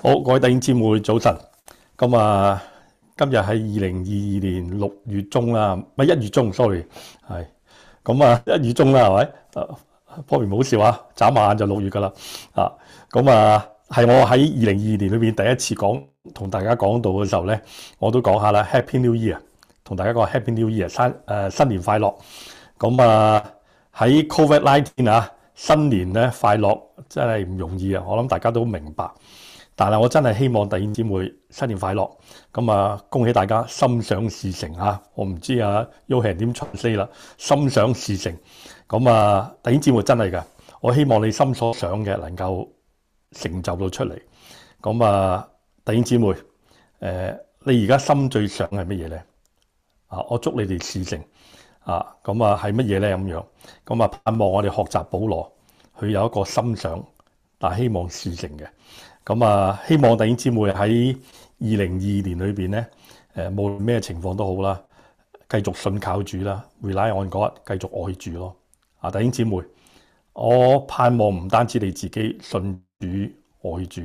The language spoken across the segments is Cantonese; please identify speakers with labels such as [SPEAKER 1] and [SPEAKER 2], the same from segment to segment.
[SPEAKER 1] 好，各位弟兄姊妹，早晨。咁、嗯、啊，今日係二零二二年六月中啦，咪一月中，sorry，係。咁啊，一月中啦，係咪？頗為唔好笑啊，眨下眼就六月噶啦。啊，咁啊，係我喺二零二二年裏邊第一次講同大家講到嘅時候咧，我都講下啦，Happy New Year 同大家講 Happy New Year 啊，新、呃、誒新年快樂。咁、嗯、啊，喺 Covid Nineteen 啊，19，新年咧快樂真係唔容易啊，我諗大家都明白。但係我真係希望弟兄姊妹新年快樂咁啊！恭喜大家心想事成啊！我唔知啊，Yohan 點出聲啦。心想事成咁啊！弟兄姊妹真係噶，我希望你心所想嘅能夠成就到出嚟咁啊！弟兄姊妹，誒、呃、你而家心最想係乜嘢咧？啊，我祝你哋事成啊！咁啊，係乜嘢咧？咁樣咁啊，盼望我哋學習保羅，佢有一個心想，但係希望事成嘅。咁啊，希望弟兄姊妹喺二零二年裏邊咧，誒、無論咩情況都好啦，繼續信靠主啦，回奶按日，繼續愛主咯。啊，弟兄姊妹，我盼望唔單止你自己信主愛主，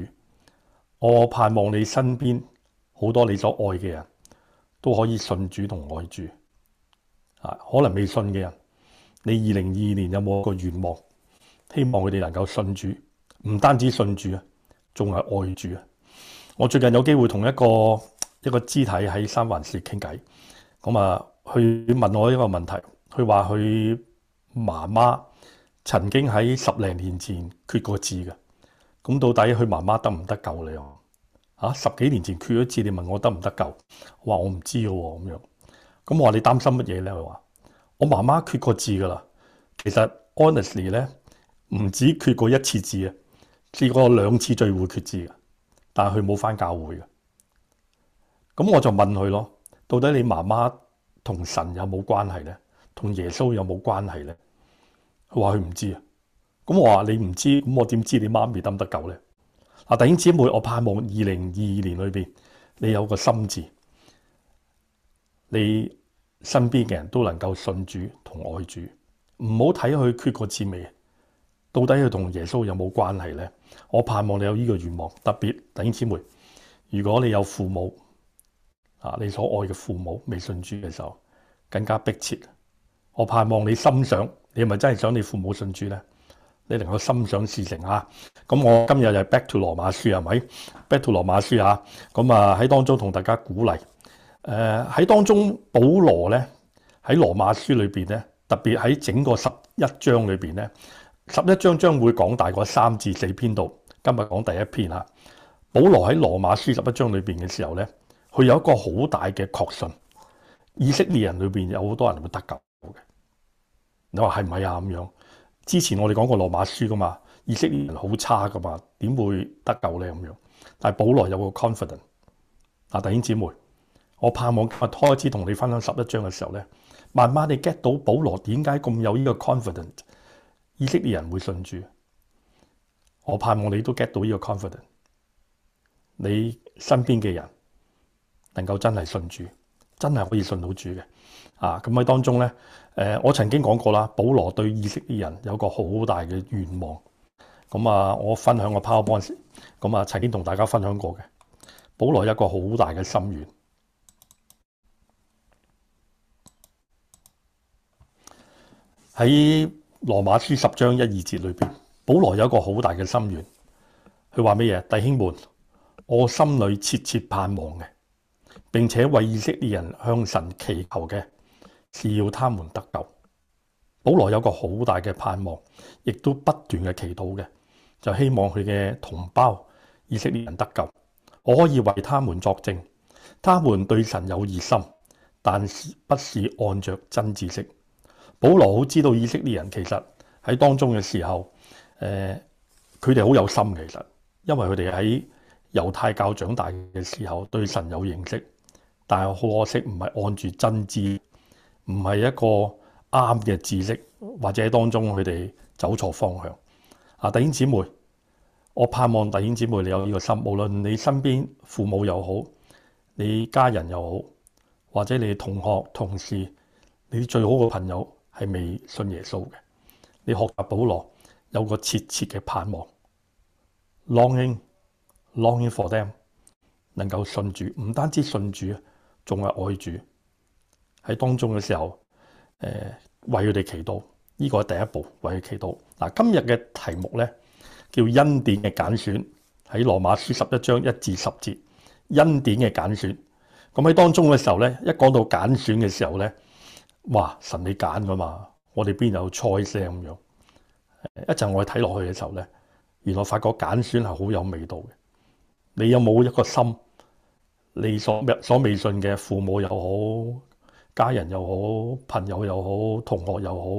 [SPEAKER 1] 我盼望你身邊好多你所愛嘅人都可以信主同愛主。啊，可能未信嘅人，你二零二年有冇一個願望，希望佢哋能夠信主？唔單止信主啊！仲係愛住啊！我最近有機會同一個一個肢體喺三藩市傾偈，咁啊，佢問我一個問題，佢話佢媽媽曾經喺十零年前決過志嘅，咁到底佢媽媽得唔得救你啊？嚇、啊，十幾年前決咗志，你問我得唔得救？我話我唔知嘅喎、啊，咁樣，咁我話你擔心乜嘢咧？佢話我媽媽決過志㗎啦，其實 honestly 咧，唔止缺過一次志啊！試過兩次聚會決志嘅，但係佢冇返教會嘅。咁我就問佢咯：「到底你媽媽同神有冇關係呢？同耶穌有冇關係呢？他說他不」佢話佢唔知啊。咁我話你唔知，咁我點知你媽咪得唔得救呢？」嗱，弟兄姊妹，我盼望二零二二年裏面你有個心志，你身邊嘅人都能夠信主同愛主，唔好睇佢決個志未。到底佢同耶穌有冇關係咧？我盼望你有呢個願望，特別弟兄姊妹，如果你有父母啊，你所愛嘅父母未信主嘅時候，更加迫切。我盼望你心想，你係咪真係想你父母信主咧？你能夠心想事成啊！咁我今日就係《Back to 羅馬書》係咪？《Back to 羅馬書》啊，咁啊喺當中同大家鼓勵誒。喺、呃、當中保羅咧喺羅馬書裏邊咧，特別喺整個十一章裏邊咧。十一章將會講大過三至四篇度，今日講第一篇啦。保羅喺羅馬書十一章裏邊嘅時候咧，佢有一個好大嘅確信，以色列人裏邊有好多人會得救嘅。你話係唔係啊？咁樣之前我哋講過羅馬書噶嘛，以色列人好差噶嘛，點會得救咧？咁樣，但係保羅有個 confidence，啊。嗱，弟兄姊妹，我盼望今日開始同你分享十一章嘅時候咧，慢慢你 get 到保羅點解咁有呢個 confidence。以色列人會信主，我盼望你都 get 到呢個 confidence。你身邊嘅人能夠真係信主，真係可以信到主嘅。啊，咁喺當中呢，誒、呃，我曾經講過啦，保羅對以色列人有個好大嘅願望。咁、嗯、啊，我分享個 powerpoint，咁、嗯、啊，曾經同大家分享過嘅，保羅有一個好大嘅心願喺。在羅馬書十章一二節裏邊，保羅有一個好大嘅心願，佢話咩嘢？弟兄們，我心裏切切盼望嘅，並且為以色列人向神祈求嘅，是要他們得救。保羅有個好大嘅盼望，亦都不斷嘅祈禱嘅，就希望佢嘅同胞以色列人得救。我可以為他們作證，他們對神有熱心，但是不是按着真知識。保羅好知道以色列人其實喺當中嘅時候，誒、呃，佢哋好有心其實，因為佢哋喺猶太教長大嘅時候對神有認識，但係好可惜唔係按住真知，唔係一個啱嘅知識，或者當中佢哋走錯方向。啊，弟兄姊妹，我盼望弟兄姊妹你有呢個心，無論你身邊父母又好，你家人又好，或者你同學同事，你最好嘅朋友。係未信耶穌嘅，你學習保羅，有個切切嘅盼望，longing，longing for them，能夠信主，唔單止信主，仲係愛主。喺當中嘅時候，誒、呃、為佢哋祈禱，依個係第一步為佢祈禱，啊。今日嘅題目咧叫恩典嘅揀選，喺羅馬書十一章一至十節，恩典嘅揀選。咁喺當中嘅時候呢，一講到揀選嘅時候呢。哇！神你揀㗎嘛？我哋邊有菜聲咁樣一陣？我睇落去嘅時候呢，原來發覺揀選係好有味道嘅。你有冇一個心？你所未所未信嘅父母又好，家人又好，朋友又好，同學又好，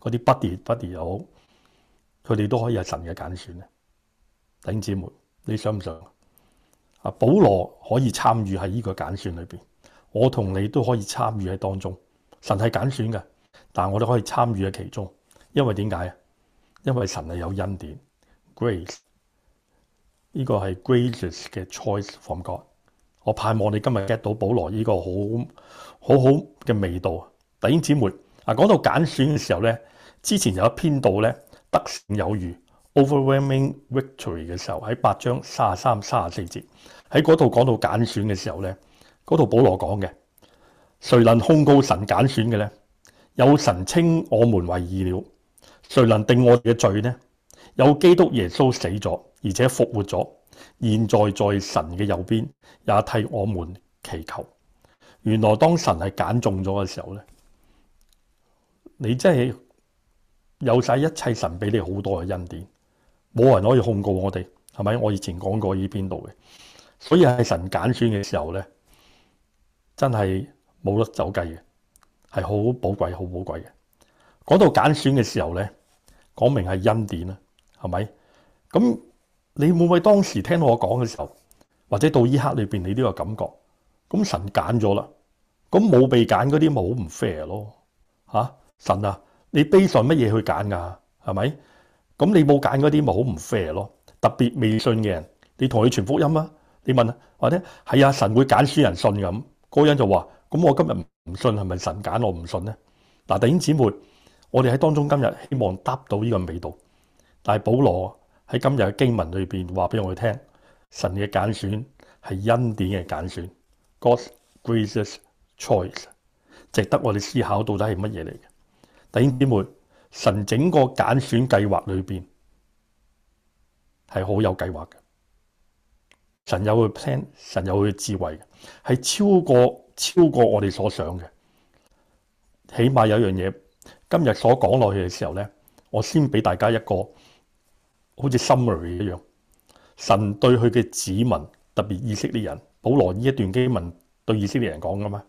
[SPEAKER 1] 嗰啲不義不義又好，佢哋都可以係神嘅揀選咧。弟兄姐妹，你想唔想啊？保羅可以參與喺呢個揀選裏邊，我同你都可以參與喺當中。神係揀選嘅，但我哋可以參與喺其中，因為點解？因為神係有恩典，grace，呢個係 gracious choice from God。我盼望你今日 get 到保羅呢個好好好嘅味道。弟兄姊妹，嗱、啊、講到揀選嘅時候呢，之前有一篇道呢，得勝有餘 overwhelming victory 嘅時候，喺八章三十三、三十四節，喺嗰度講到揀選嘅時候呢，嗰度保羅講嘅。誰能控告神揀選嘅呢？有神稱我們為義了，誰能定我哋嘅罪呢？有基督耶穌死咗，而且復活咗，現在在神嘅右邊，也替我們祈求。原來當神係揀中咗嘅時候呢，你真係有曬一切神畀你好多嘅恩典，冇人可以控告我哋，係咪？我以前講過呢邊度嘅，所以係神揀選嘅時候呢，真係。冇得走計嘅，係好寶貴，好寶貴嘅。嗰度揀選嘅時候咧，講明係恩典啦，係咪？咁你會唔會當時聽到我講嘅時候，或者到依刻裏邊，你都有個感覺？咁神揀咗啦，咁冇被揀嗰啲咪好唔 fair 咯？吓、啊、神啊，你悲信乜嘢去揀噶？係咪？咁你冇揀嗰啲咪好唔 fair 咯？特別未信嘅人，你同佢傳福音啊？你問啊，或者係啊？神會揀選人信咁嗰、那個、人就話。咁我今日唔信係咪神揀我唔信呢？嗱，弟兄姊妹，我哋喺當中今日希望得到呢個味道。但係保羅喺今日嘅經文裏面話俾我哋聽，神嘅揀選係恩典嘅揀選，God’s gracious choice，值得我哋思考到底係乜嘢嚟嘅。弟兄姊妹，神整個揀選計劃裏邊係好有計劃嘅，神有佢 plan，神有佢智慧，係超過。超過我哋所想嘅，起碼有樣嘢，今日所講落去嘅時候呢，我先俾大家一個好似 summary 一樣，神對佢嘅子民特別以色列人，保羅依一段經文對以色列人講噶嘛，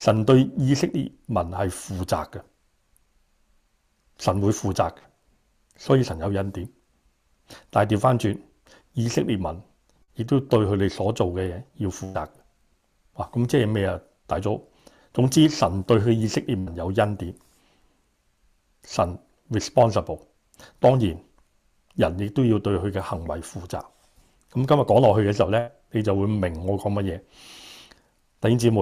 [SPEAKER 1] 神對以色列民係負責嘅，神會負責嘅，所以神有恩典，但係調翻轉，以色列民亦都對佢哋所做嘅嘢要負責。哇！咁即係咩啊，大嫂？總之神對佢以色列民有恩典，神 responsible，當然人亦都要對佢嘅行為負責。咁、嗯、今日講落去嘅時候呢，你就會明我講乜嘢。弟兄姊妹，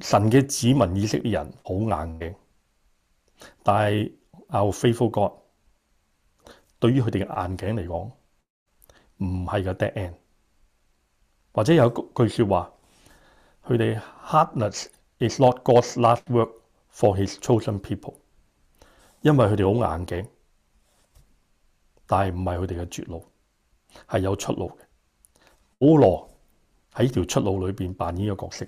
[SPEAKER 1] 神嘅子民以色列人好硬嘅，但係 our faithful God 對於佢哋嘅硬頸嚟講，唔係個 dead end。或者有句説話，佢哋 hardness is not God's last work for His chosen people，因為佢哋好硬頸，但係唔係佢哋嘅絕路，係有出路嘅。保羅喺條出路裏面扮演一個角色，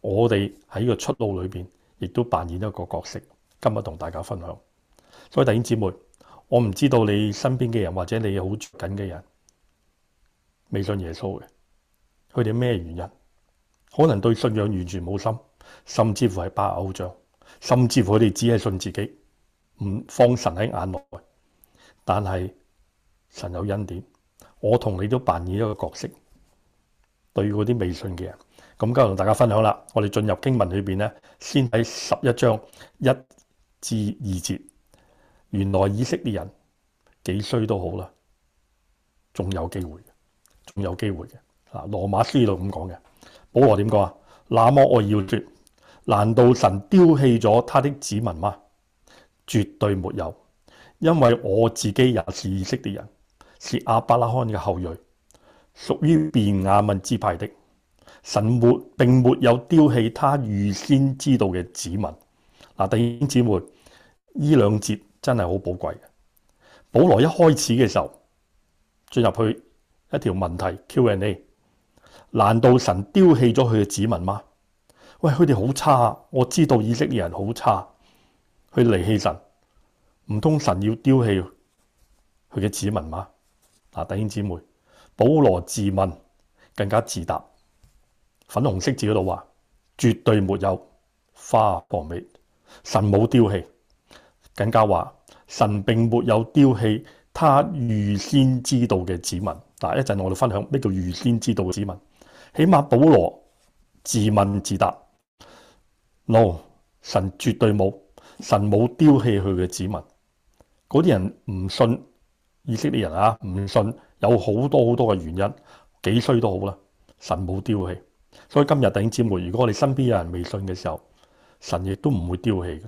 [SPEAKER 1] 我哋喺呢個出路裏面亦都扮演一個角色。今日同大家分享，所以弟兄姊妹，我唔知道你身邊嘅人或者你好接近嘅人未信耶穌嘅。佢哋咩原因？可能對信仰完全冇心，甚至乎係拜偶像，甚至乎佢哋只係信自己，唔放神喺眼內。但係神有恩典，我同你都扮演一個角色對於嗰啲未信嘅人。咁今日同大家分享啦，我哋進入經文裏面呢，先睇十一章一至二節。原來以色列人幾衰都好啦，仲有機會，仲有機會嘅。嗱，羅馬書度咁講嘅，保羅點講啊？那麼我要説，難道神丟棄咗他的子民嗎？絕對沒有，因為我自己也是意識的人，是亞伯拉罕嘅後裔，屬於便雅憫支派的。神沒並沒有丟棄他預先知道嘅子民。嗱、啊，弟兄姊妹，依兩節真係好寶貴嘅。保羅一開始嘅時候進入去一條問題 Q&A。Q A, 難道神丟棄咗佢嘅子民嗎？喂，佢哋好差，我知道以色列人好差，佢離棄神，唔通神要丟棄佢嘅子民嗎？啊，弟兄姊妹，保羅自問更加自答，粉紅色字嗰度話絕對沒有花薄美，神冇丟棄，更加話神並沒有丟棄他預先知道嘅子民。嗱，啊，一陣我哋分享咩叫預先知道嘅子民。起碼保羅自問自答，no，神絕對冇，神冇丟棄佢嘅子民。嗰啲人唔信以色列人啊，唔信有好多好多嘅原因，幾衰都好啦，神冇丟棄。所以今日弟兄姊妹，如果我哋身邊有人未信嘅時候，神亦都唔會丟棄嘅，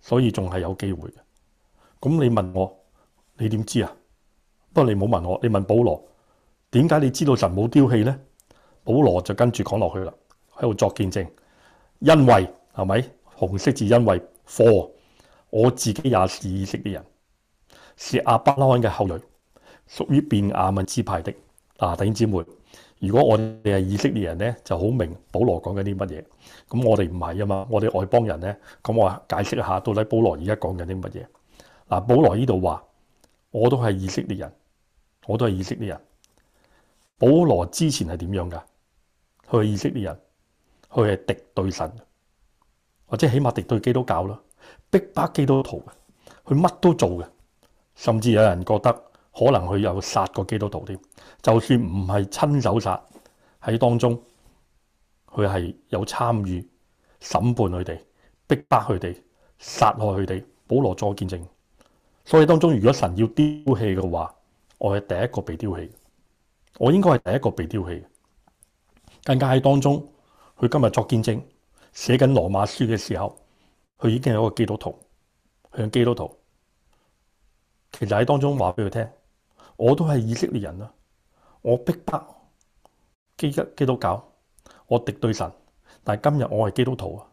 [SPEAKER 1] 所以仲係有機會嘅。咁你問我，你點知啊？不過你冇問我，你問保羅，點解你知道神冇丟棄呢？保羅就跟住講落去啦，喺度作見證，因為係咪紅色字？因為，for 我自己也是以色列人，是亞伯拉罕嘅後裔，屬於便雅憫支派的啊弟兄姊妹。如果我哋係以色列人呢，就好明保羅講緊啲乜嘢。咁我哋唔係啊嘛，我哋外邦人呢。咁我解釋一下到底保羅而家講緊啲乜嘢。保羅呢度話，我都係以色列人，我都係以色列人。保羅之前係點樣噶？佢意識啲人，佢係敵對神，或者起碼敵對基督教啦，逼迫，迫基督徒，佢乜都做嘅，甚至有人覺得可能佢有殺過基督徒添。就算唔係親手殺，喺當中，佢係有參與審判佢哋、逼迫佢哋、殺害佢哋。保羅作見證，所以當中如果神要丟棄嘅話，我係第一個被丟棄，我應該係第一個被丟棄。更加喺當中，佢今日作見證，寫緊羅馬書嘅時候，佢已經係一個基督徒，佢係基督徒。其實喺當中話俾佢聽：我都係以色列人啦，我迫害基督基督教，我敵對神，但係今日我係基督徒啊！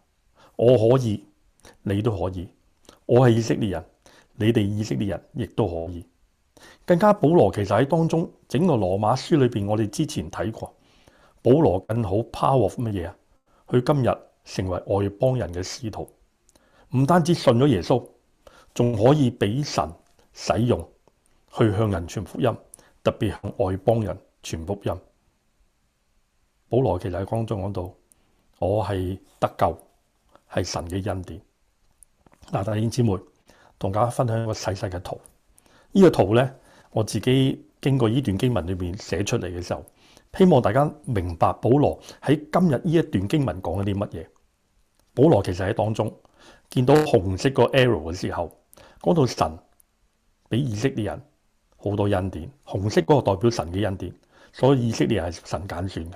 [SPEAKER 1] 我可以，你都可以，我係以色列人，你哋以色列人亦都可以。更加保羅其實喺當中整個羅馬書裏面，我哋之前睇過。保羅更好，power 乜嘢啊？佢今日成為外邦人嘅使徒，唔單止信咗耶穌，仲可以俾神使用，去向人傳福音，特別向外邦人傳福音。保羅其實喺當中講到，我係得救，係神嘅恩典。嗱，弟兄姊妹，同大家分享一個細細嘅圖。呢、這個圖呢，我自己經過呢段經文裏面寫出嚟嘅時候。希望大家明白，保羅喺今日呢一段經文講咗啲乜嘢。保羅其實喺當中見到紅色個 arrow 嘅時候，講到神俾以色列人好多恩典。紅色嗰個代表神嘅恩典，所以以色列人係神揀選嘅。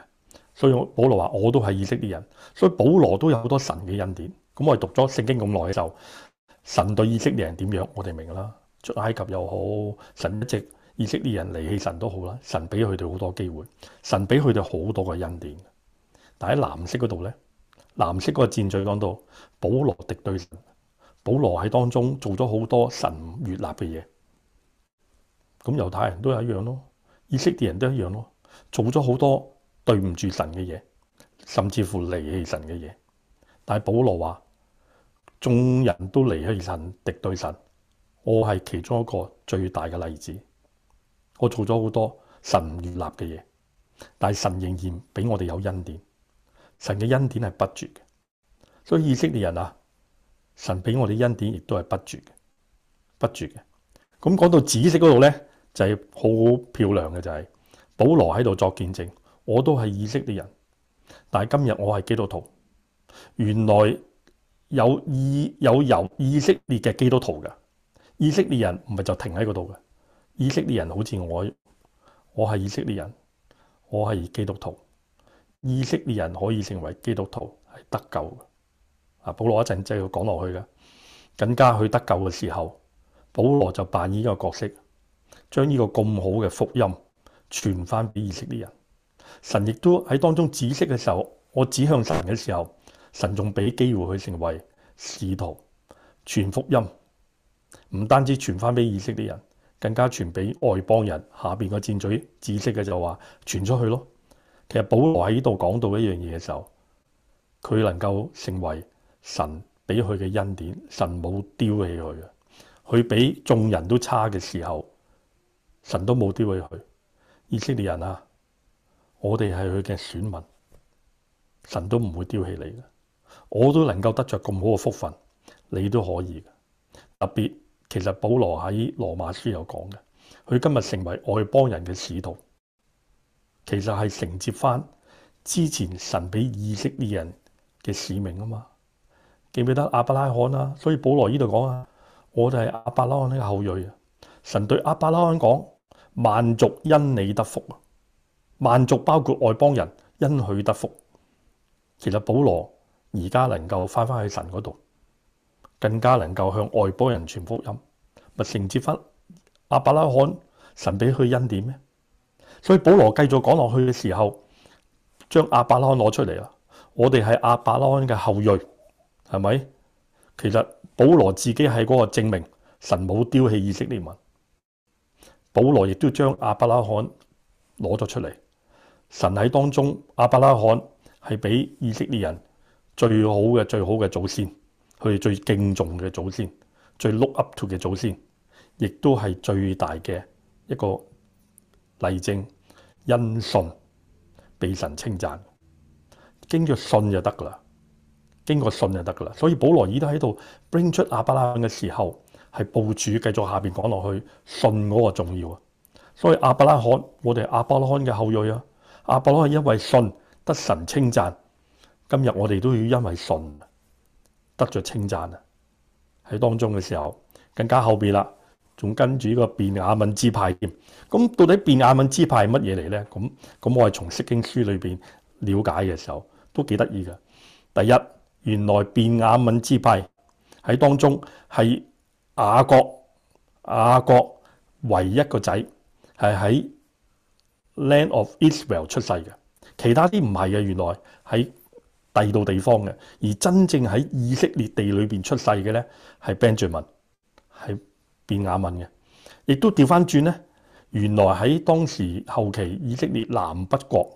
[SPEAKER 1] 所以我保羅話我都係以色列人，所以保羅都有好多神嘅恩典。咁我哋讀咗聖經咁耐就神對以色列人點樣，我哋明啦。出埃及又好，神一直。以色列人離棄神都好啦，神俾佢哋好多機會，神俾佢哋好多個恩典。但喺藍色嗰度呢，藍色嗰個戰隊講到保羅敵對神，保羅喺當中做咗好多神悅納嘅嘢。咁猶太人都一樣咯，以色列人都一樣咯，做咗好多對唔住神嘅嘢，甚至乎離棄神嘅嘢。但係保羅話：眾人都離棄神，敵對神，我係其中一個最大嘅例子。我做咗好多神唔悅納嘅嘢，但係神仍然俾我哋有恩典。神嘅恩典係不絕嘅，所以以色列人啊，神俾我哋恩典亦都係不絕嘅，不絕嘅。咁、嗯、講到紫色嗰度呢，就係、是、好漂亮嘅，就係、是、保羅喺度作見證，我都係以色列人，但係今日我係基督徒。原來有以有有以色列嘅基督徒㗎，以色列人唔係就停喺嗰度嘅。以色列人好似我，我係以色列人，我係基督徒。以色列人可以成為基督徒係得救嘅。保羅一陣即係要講落去嘅，更加去得救嘅時候，保羅就扮演呢個角色，將呢個咁好嘅福音傳翻俾以色列人。神亦都喺當中指示嘅時候，我指向神嘅時候，神仲俾機會佢成為使徒，傳福音，唔單止傳翻俾以色列人。更加傳俾外邦人，下邊個箭嘴知識嘅就話傳出去咯。其實保羅喺呢度講到的一樣嘢嘅時候，佢能夠成為神俾佢嘅恩典，神冇丟棄佢嘅。佢比眾人都差嘅時候，神都冇丟棄佢。以色列人啊，我哋係佢嘅選民，神都唔會丟棄你嘅。我都能夠得著咁好嘅福分，你都可以的。特別。其實保羅喺羅馬書有講嘅，佢今日成為外邦人嘅使徒，其實係承接翻之前神俾以色列人嘅使命啊嘛。記唔記得阿伯拉罕啊？所以保羅呢度講啊，我就係阿伯拉罕呢個後裔。神對阿伯拉罕講：萬族因你得福啊，萬族包括外邦人因佢得福。其實保羅而家能夠翻翻去神嗰度。更加能夠向外邦人傳福音，咪承接翻亞伯拉罕神俾佢恩典咩？所以保羅繼續講落去嘅時候，將亞伯拉罕攞出嚟啦。我哋係亞伯拉罕嘅後裔，係咪？其實保羅自己係嗰個證明神冇丟棄以色列民。保羅亦都將亞伯拉罕攞咗出嚟，神喺當中亞伯拉罕係俾以色列人最好嘅最好嘅祖先。佢哋最敬重嘅祖先，最 look up to 嘅祖先，亦都係最大嘅一個例證，因信被神稱讚，經過信就得噶啦，經過信就得噶啦。所以保羅爾都喺度 bring 出亞伯拉罕嘅時候，係部署繼續下邊講落去信嗰個重要啊。所以亞伯拉罕，我哋亞伯拉罕嘅後裔啊，亞伯拉罕係因為信得神稱讚。今日我哋都要因為信。得著稱讚啊！喺當中嘅時候，更加後面啦，仲跟住呢個便雅憫支派。咁到底便雅憫支派係乜嘢嚟咧？咁我係從釋經書裏邊了解嘅時候，都幾得意嘅。第一，原來便雅憫支派喺當中係雅各雅各唯一個仔係喺 Land of Israel 出世嘅，其他啲唔係嘅。原來喺第二度地方嘅，而真正喺以色列地裏邊出世嘅咧，係 Benjamin 係便雅憫嘅。亦都調翻轉咧，原來喺當時後期以色列南北國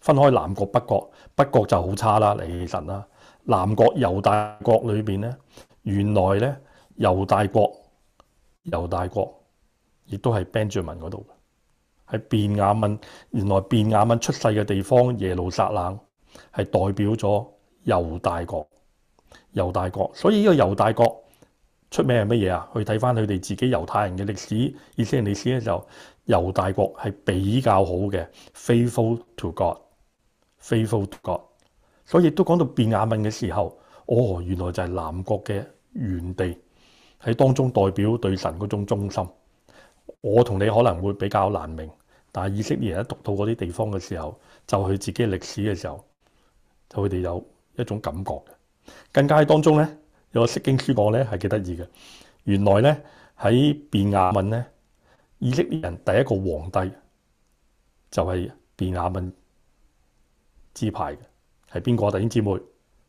[SPEAKER 1] 分開，南國北國，北國就好差啦，離棄神啦。南國猶大國裏邊咧，原來咧猶大國猶大國亦都係 Benjamin 嗰度嘅，係便雅憫。原來便雅憫出世嘅地方耶路撒冷。係代表咗猶大國，猶大國，所以呢個猶大國出名係乜嘢啊？去睇翻佢哋自己猶太人嘅歷史，以色列歷史咧，就猶大國係比較好嘅 faithful to God，faithful to God。所以都講到便雅憫嘅時候，哦，原來就係南國嘅原地喺當中代表對神嗰種忠心。我同你可能會比較難明，但係以色列人一讀到嗰啲地方嘅時候，就佢自己歷史嘅時候。就佢哋有一種感覺，更加係當中呢，有個釋經書講呢，係幾得意嘅。原來呢，喺便雅憫呢，以色列人第一個皇帝就係便雅憫支派嘅，係邊個啊？弟兄姊妹，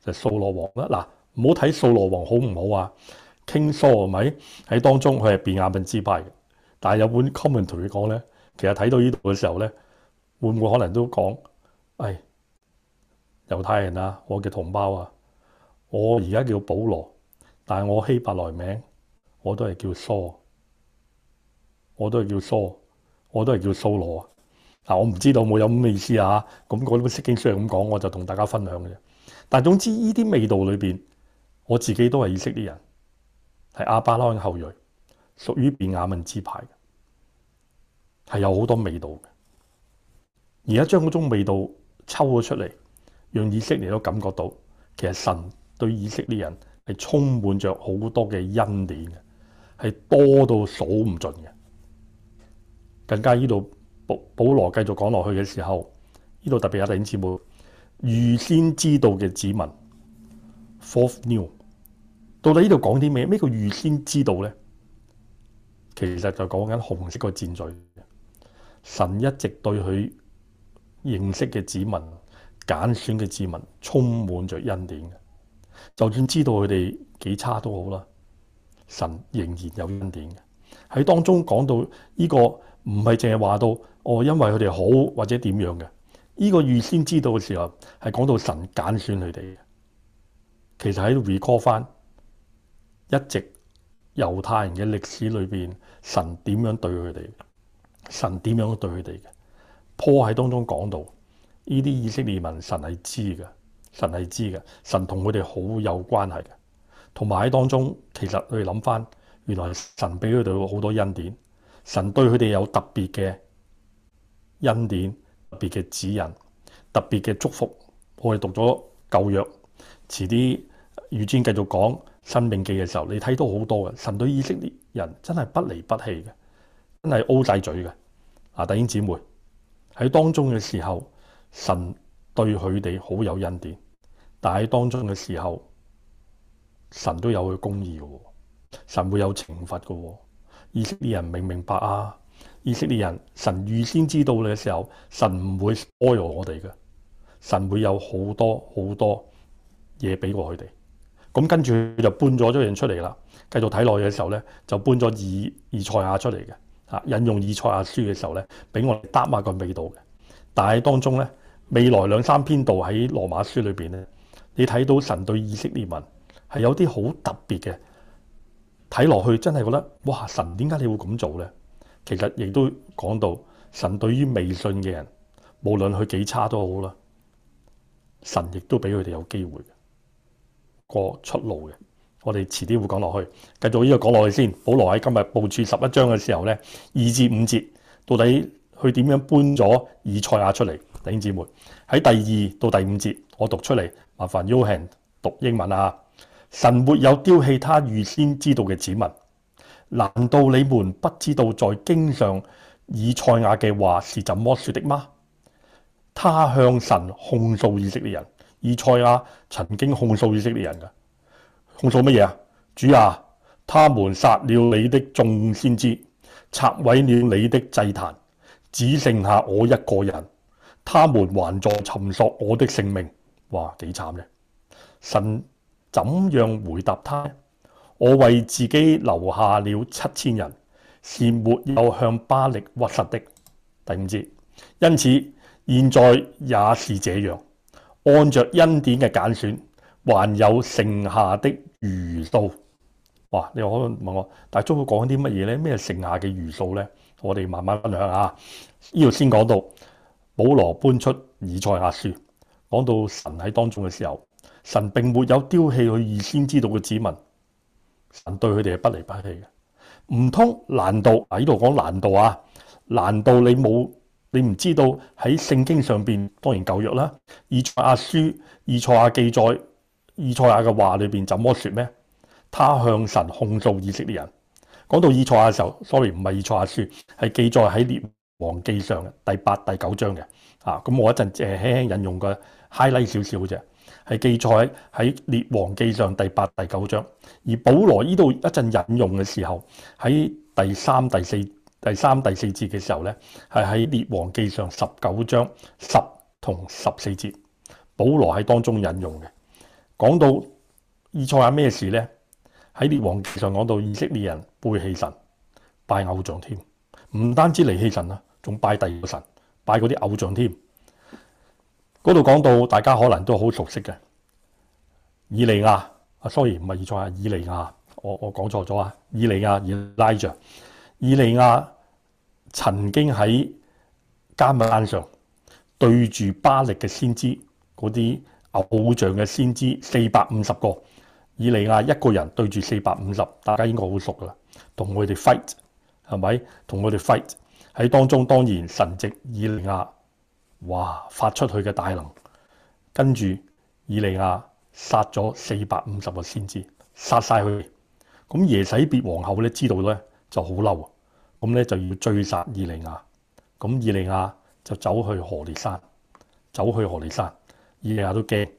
[SPEAKER 1] 就係掃羅王啦。嗱，唔好睇掃羅王好唔好啊？King Saul 係咪喺當中佢係便雅憫支派嘅？但係有本 commentary 講咧，其實睇到呢度嘅時候呢，會唔會可能都講誒？唉。猶太人啊，我嘅同胞啊，我而家叫保羅，但係我希伯來名，我都係叫掃，我都係叫掃，我都係叫掃羅啊！嗱，我唔知道冇有咁嘅意思啊！咁嗰啲聖經書係咁講，我就同大家分享嘅啫。但係總之，呢啲味道裏邊，我自己都係以色列人係亞伯拉罕後裔，屬於便雅憫支派，係有好多味道嘅。而家將嗰種味道抽咗出嚟。讓以色列都感覺到，其實神對以色列人係充滿着好多嘅恩典嘅，係多到數唔盡嘅。更加呢度保保羅繼續講落去嘅時候，呢度特別有頂字母預先知道嘅子民。foreknew 到底呢度講啲咩？咩叫預先知道咧？其實就講緊紅色個箭嘴，神一直對佢認識嘅子民。揀選嘅子民充滿着恩典嘅，就算知道佢哋幾差都好啦，神仍然有恩典嘅。喺當中講到呢個唔係淨係話到哦，因為佢哋好或者點樣嘅，呢個預先知道嘅時候係講到神揀選佢哋嘅。其實喺 recall 翻一直猶太人嘅歷史裏邊，神點樣對佢哋？神點樣對佢哋嘅？Paul 喺當中講到。呢啲以色列民神知，神係知嘅，神係知嘅，神同佢哋好有關係嘅。同埋喺當中，其實我哋諗翻，原來神俾佢哋好多恩典，神對佢哋有特別嘅恩典，特別嘅指引，特別嘅祝福。我哋讀咗舊約，遲啲預占繼續講申命記嘅時候，你睇到好多嘅神對以色列人真係不離不棄嘅，真係勾仔嘴嘅啊！弟兄姊妹喺當中嘅時候。神對佢哋好有恩典，但喺當中嘅時候，神都有佢公義嘅，神會有懲罰嘅。以色列人明唔明白啊？以色列人，神預先知道嘅時候，神唔會哀號我哋嘅，神會有好多好多嘢俾過佢哋。咁跟住就搬咗咗人出嚟啦。繼續睇落去嘅時候呢，就搬咗以賽亞出嚟嘅，嚇、啊、引用以賽亞書嘅時候呢，俾我哋搭下個味道嘅。但係當中呢。未來兩三篇道喺羅馬書裏邊咧，你睇到神對以色列民係有啲好特別嘅，睇落去真係覺得哇！神點解你會咁做咧？其實亦都講到神對於未信嘅人，無論佢幾差都好啦，神亦都俾佢哋有機會過出路嘅。我哋遲啲會講落去，繼續呢個講落去先。保羅喺今日佈置十一章嘅時候咧，二至五節到底佢點樣搬咗以賽亞出嚟？弟兄姊妹喺第二到第五節，我讀出嚟，麻煩 Yohan 讀英文啊。神沒有丟棄他預先知道嘅子民，難道你們不知道在經上以賽亞嘅話是怎麼說的嗎？他向神控訴以色列人，以賽亞曾經控訴以色列人噶，控訴乜嘢啊？主啊，他們殺了你的眾先知，拆毀了你的祭壇，只剩下我一個人。他們還在尋索我的性命，哇幾慘呢、啊！神怎樣回答他咧？我為自己留下了七千人，是沒有向巴力屈實的。第五節，因此現在也是這樣，按着恩典嘅揀選，還有剩下的餘數。哇！你可能問我，但係都講啲乜嘢咧？咩剩下嘅餘數咧？我哋慢慢分享啊！呢度先講到。保羅搬出以賽亞書，講到神喺當中嘅時候，神並沒有丟棄佢預先知道嘅子民，神對佢哋係不離不棄嘅。唔通？難道喺度講難道啊？難道你冇你唔知道喺聖經上邊，當然舊約啦，以賽亞書、以賽亞記載、以賽亞嘅話裏邊怎麼說咩？他向神控訴以色列人。講到以賽亞嘅時候，sorry，唔係以賽亞書，係記載喺列。《王記》上嘅第八、第九章嘅，啊，咁我一陣就輕輕引用個 highlight 少少啫，係記載喺《列王記》上第八、第九章，而保羅呢度一陣引用嘅時候，喺第三、第四、第三、第四節嘅時候咧，係喺《列王記》上十九章十同十四節，保羅喺當中引用嘅，講到意在咩事咧？喺《列王記》上講到以色列人背棄神、拜偶像添，唔單止離棄神啊！仲拜第二個神，拜嗰啲偶像添。嗰度講到，大家可能都好熟悉嘅，以利亞啊，sorry 唔係以賽亞，以利亞，我我講錯咗啊，以利亞以拉著，Elijah，以利亞曾經喺迦密山上對住巴力嘅先知，嗰啲偶像嘅先知四百五十個，以利亞一個人對住四百五十，大家應該好熟噶啦，同佢哋 fight 係咪？同佢哋 fight。喺當中，當然神藉以利亞哇發出去嘅大能，跟住以利亞殺咗四百五十個先知，殺晒佢。咁耶洗別皇后咧知道咧就好嬲，咁咧就要追殺以利亞。咁以利亞就走去何烈山，走去何烈山，以利亞都驚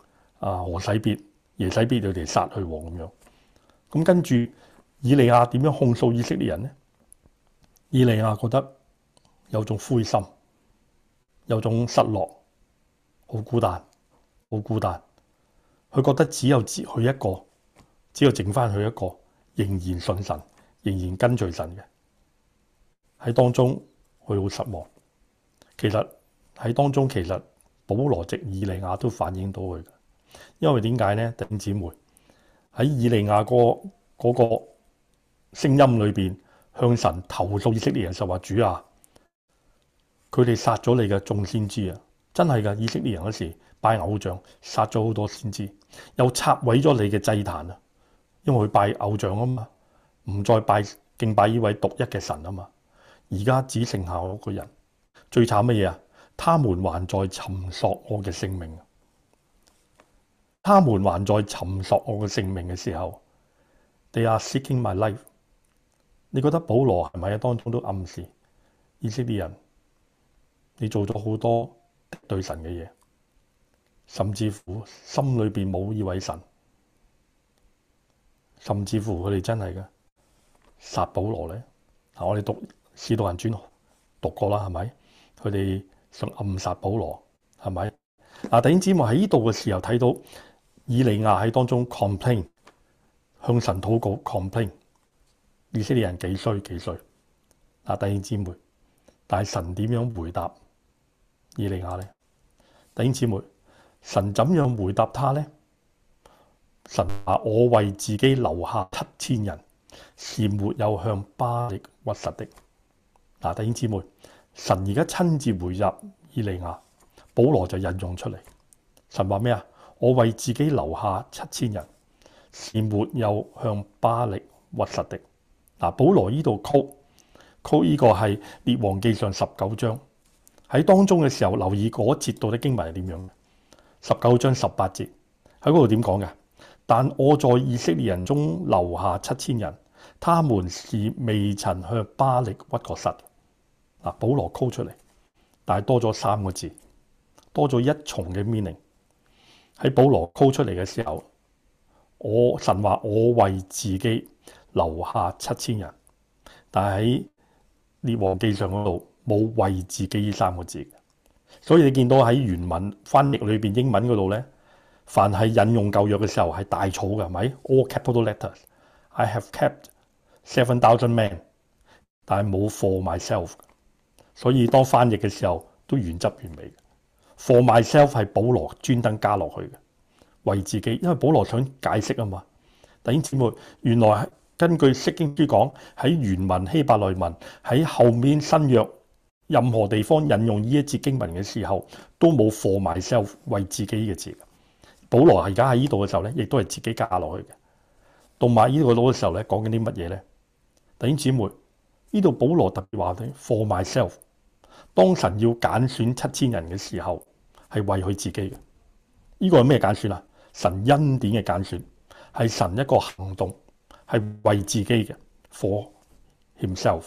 [SPEAKER 1] 啊！何洗別、耶洗別要嚟殺去王咁樣。咁跟住以利亞點樣控訴以色列人咧？以利亞覺得。有種灰心，有種失落，好孤單，好孤單。佢覺得只有自佢一個，只有整翻佢一個，仍然信神，仍然跟隨神嘅。喺當中，佢好失望。其實喺當中，其實保羅藉以利亞都反映到佢嘅，因為點解呢？弟兄姊妹喺以利亞個嗰個聲音裏面，向神投訴以色列人，就話主啊。佢哋殺咗你嘅眾先知啊！真係㗎，以色列人嗰時拜偶像，殺咗好多先知，又拆毀咗你嘅祭壇啊！因為佢拜偶像啊嘛，唔再拜敬拜呢位獨一嘅神啊嘛。而家只剩下我個人，最慘乜嘢啊？他們還在尋索我嘅性命。他們還在尋索我嘅性命嘅時候 they are seeking my life。你覺得保羅係咪喺當中都暗示以色列人？你做咗好多敵對神嘅嘢，甚至乎心裏邊冇呢位神，甚至乎佢哋真係嘅殺保羅呢？嗱、啊，我哋讀使徒行傳讀過啦，係咪？佢哋想暗殺保羅，係咪？嗱、啊，弟兄姊妹喺呢度嘅時候睇到以利亞喺當中 complain 向神禱告 complain，以色列人幾衰幾衰？嗱、啊，弟兄姊妹，但係神點樣回答？以利亞呢？弟兄姊妹，神怎樣回答他呢？神話我為自己留下七千人，是沒有向巴力屈膝的。啊、弟兄姊妹，神而家親自回答以利亞，保羅就引用出嚟。神話咩？我為自己留下七千人，是沒有向巴力屈膝的。啊、保羅呢度曲曲呢個係列王記上十九章。喺當中嘅時候留意嗰節到底經文係點樣的？十九章十八節喺嗰度點講嘅？但我在以色列人中留下七千人，他們是未曾向巴力屈過膝。嗱，保羅 call 出嚟，但係多咗三個字，多咗一重嘅 meaning。喺保羅 call 出嚟嘅時候，我神話我為自己留下七千人，但喺列王記上嗰度。冇為自己呢三個字，所以你見到喺原文翻譯裏邊英文嗰度咧，凡係引用舊約嘅時候係大草嘅，係咪？All capital letters。I have kept seven thousand men，但係冇 for myself。所以當翻譯嘅時候都原汁原味。For myself 係保羅專登加落去嘅，為自己，因為保羅想解釋啊嘛。弟兄姊妹，原來根據《釋經》書講喺原文希伯來文喺後面新約。任何地方引用呢一節經文嘅時候，都冇 for myself 為自己嘅字的。保羅而家喺呢度嘅時候咧，亦都係自己加落去嘅。到埋呢個攞嘅時候咧，講緊啲乜嘢咧？弟兄姊妹，呢度保羅特別話嘅 for myself，當神要揀選七千人嘅時候，係為佢自己嘅。呢個係咩揀選啊？神恩典嘅揀選，係神一個行動，係為自己嘅 for himself。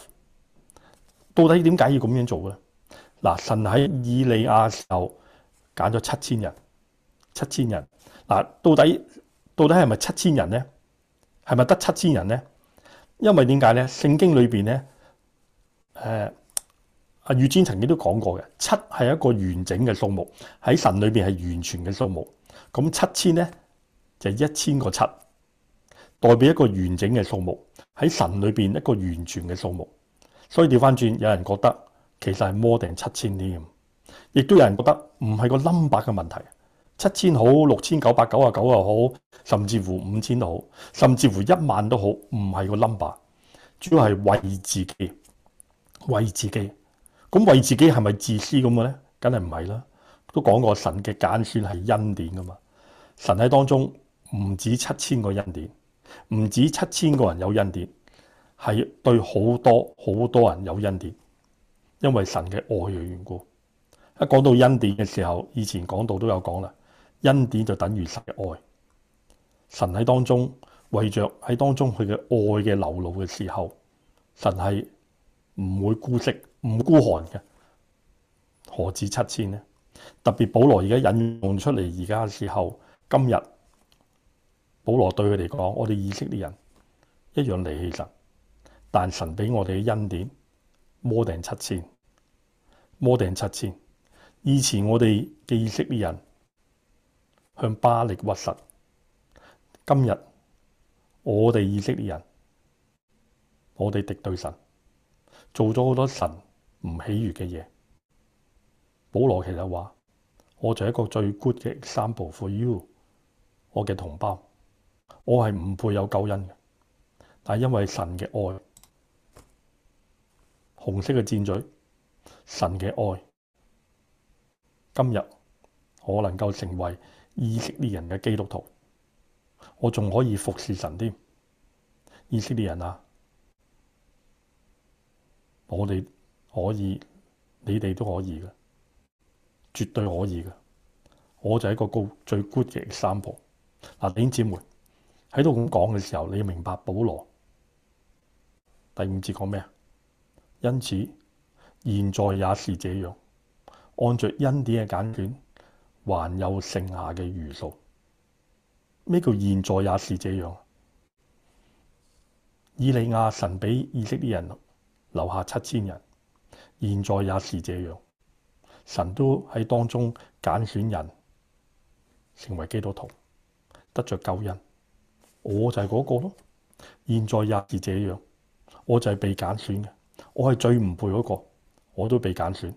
[SPEAKER 1] 到底點解要咁樣做咧？嗱，神喺以利亞時候揀咗七千人，七千人。嗱，到底到底係咪七千人咧？係咪得七千人咧？因為點解咧？聖經裏邊咧，誒、呃，阿宇尊曾經都講過嘅，七係一個完整嘅數目，喺神裏邊係完全嘅數目。咁七千咧就係一千個七，代表一個完整嘅數目，喺神裏邊一個完全嘅數目。所以調返轉，有人覺得其實係摩定七千點，亦都有人覺得唔係個 number 嘅問題。七千好，六千九百九十九又好，甚至乎五千都好，甚至乎一萬都好，唔係個 number，主要係為自己，為自己。咁為自己係咪自私咁嘅咧？梗係唔係啦。都講過神嘅揀選係恩典㗎嘛。神喺當中唔止七千個恩典，唔止七千個人有恩典。係對好多好多人有恩典，因為神嘅愛嘅緣故。一講到恩典嘅時候，以前講到都有講啦。恩典就等於神嘅愛。神喺當中為着，喺當中佢嘅愛嘅流露嘅時候，神係唔會孤寂、唔孤寒嘅。何止七千呢？特別保羅而家引用出嚟，而家嘅時候，今日保羅對佢嚟講：，我哋以色列人一樣離棄神。但神畀我哋嘅恩典，摩定七千，摩定七千。以前我哋以色列人向巴力屈膝，今日我哋以色列人，我哋敵對神，做咗好多神唔喜悅嘅嘢。保羅其實話：，我就一個最 good 嘅 sample for you，我嘅同胞，我係唔配有救恩嘅，但係因為神嘅愛。紅色嘅箭嘴，神嘅愛。今日我能夠成為以色列人嘅基督徒，我仲可以服侍神添、啊。以色列人啊，我哋可以，你哋都可以噶，絕對可以噶。我就係一個高最 good 嘅 example 嗱，弟兄姊妹喺度咁講嘅時候，你要明白保羅第五節講咩啊？因此，現在也是這樣，按著恩典嘅揀選，還有剩下嘅餘數。咩叫現在也是這樣？以利亞神俾以色列人留下七千人，現在也是這樣，神都喺當中揀選人成為基督徒，得着救恩。我就係嗰個咯。現在也是這樣，我就係被揀選嘅。我係最唔配嗰、那個，我都被揀選，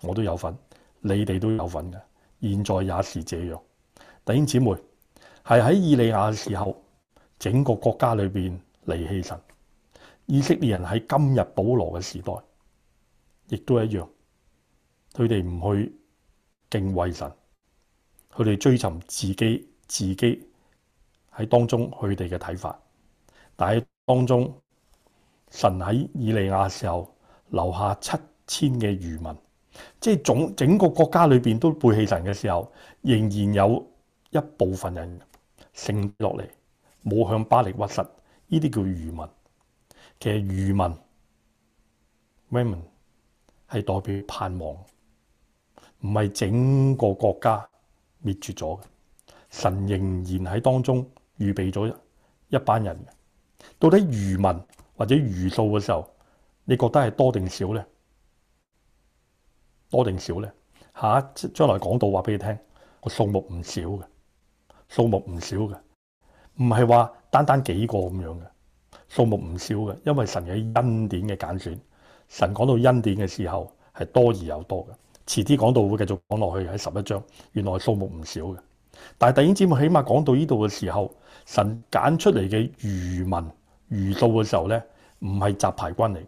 [SPEAKER 1] 我都有份，你哋都有份嘅。現在也是這樣。弟兄姊妹，係喺以利亞嘅時候，整個國家裏邊離棄神；以色列人喺今日保羅嘅時代，亦都一樣。佢哋唔去敬畏神，佢哋追尋自己，自己喺當中佢哋嘅睇法，但係當中。神喺以利亞時候留下七千嘅餘民，即係總，整個國家裏面都背棄神嘅時候，仍然有一部分人剩落嚟冇向巴力屈膝，呢啲叫餘民。其實餘民 remnant 係代表盼望，唔係整個國家滅絕咗。神仍然喺當中預備咗一班人。到底餘民？或者餘數嘅時候，你覺得係多定少咧？多定少咧？下、啊、一將來講到話俾你聽，個數目唔少嘅，數目唔少嘅，唔係話單單幾個咁樣嘅，數目唔少嘅，因為神嘅恩典嘅揀選，神講到恩典嘅時候係多而又多嘅。遲啲講到會繼續講落去喺十一章，原來數目唔少嘅。但係第二節目起碼講到呢度嘅時候，神揀出嚟嘅餘民。餘數嘅時候咧，唔係雜牌軍嚟，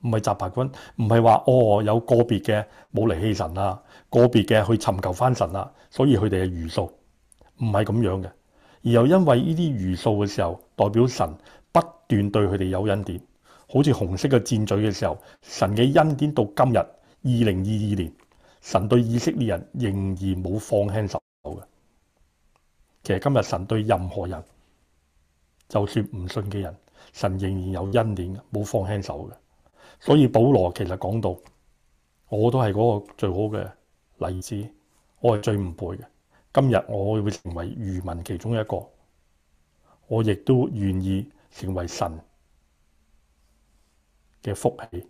[SPEAKER 1] 唔係雜牌軍，唔係話哦，有個別嘅冇離棄神啊，個別嘅去尋求返神啊，所以佢哋係餘數，唔係咁樣嘅。而又因為呢啲餘數嘅時候，代表神不斷對佢哋有恩典，好似紅色嘅箭嘴嘅時候，神嘅恩典到今日二零二二年，神對以色列人仍然冇放輕手。其實今日神對任何人，就算唔信嘅人。神仍然有恩典，冇放輕手。所以，保羅其實講到我都係嗰個最好嘅例子，我係最唔配嘅。今日我會成為漁民其中一個，我亦都願意成為神嘅福氣，